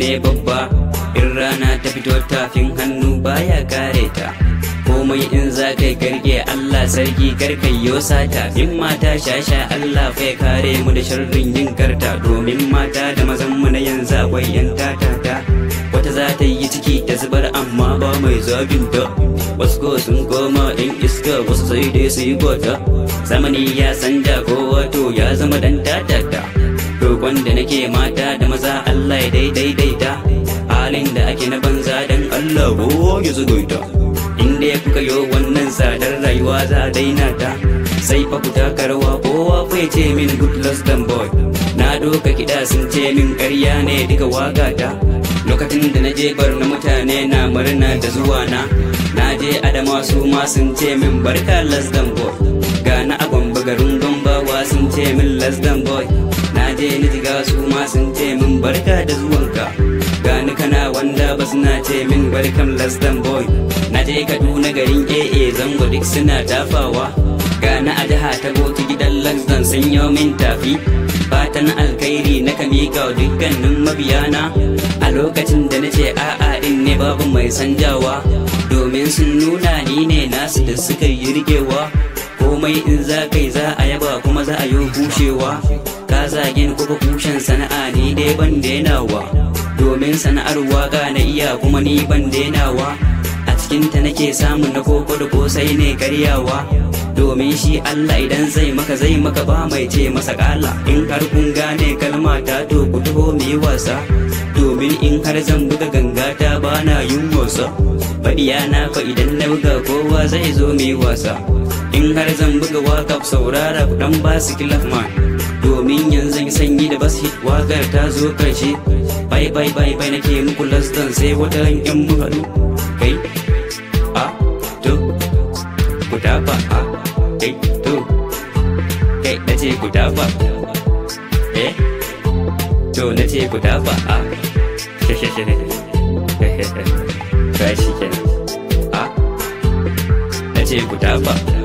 ne babba in rana ta fito tafin hannu baya kare ta komai in za kai karke Allah sarki karkai yo sata in mata shasha Allah fa kare mu da sharrin yin karta domin mata da mazan mu na yanzu akwai yan ta-ta-ta. wata za ta yi ciki ta zubar amma ba mai zagin ta wasu ko sun koma in iska wasu sai dai su yi gota zamani ya sanda ko wato ya zama dan ta-ta-ta. Wanda nake mata da maza Allah ya daidaidaita halin da ake na banza dan Allah zo zugunta inda ya kuka yo wannan sadar rayuwa za a daina ta sai fa kuta karwa kowa fa ya ce min good loss dan boy na doka kiɗa sun ce min ƙarya ne duka waga ta lokacin da naje je bar na mutane na murna da zuwa na na je adama su ma sun ce min barka las dan boy ga na a garin wa sun ce min las boy je ni jiga su ma sun ce min barka da zuwanka gani kana wanda ba suna ce min welcome lasdan boy na je kaduna garin aa zango duk suna tafawa gani a jiha ta gotu gidan lasdan sun yi min tafi fatan alkhairi na ka miƙa dukkanin dukkanin mabiyana a lokacin da na ce a'a din ne babu mai sanjawa domin sun nuna ni ne nasu da suka yi rigewa komai in za kai za a yaba kuma za a yi bushewa ka zagin ni kuka kushen sana'a ni dai ban dainawa domin sana'ar waka na iya kuma ni ban denawa a cikin ta nake samu na koko da kosai ne karyawa domin shi Allah idan zai maka zai maka ba mai ce masa kala in har kun gane kalma ta to ku taho mu yi wasa domin in har zan buga ganga ta bana yin wasa faɗiya na fa idan na buga kowa zai zo mu yi wasa in har zan buga waka saurara ku dan basu ma domin yanzu sanyi da bas hit wakar ta zo karshe bai bai bai bai nake muku lastan sai wata ran yan muka kai a to ku ba a kai to kai ce ku ba eh to ce ku ba a she kai shi kenan a ce ku dafa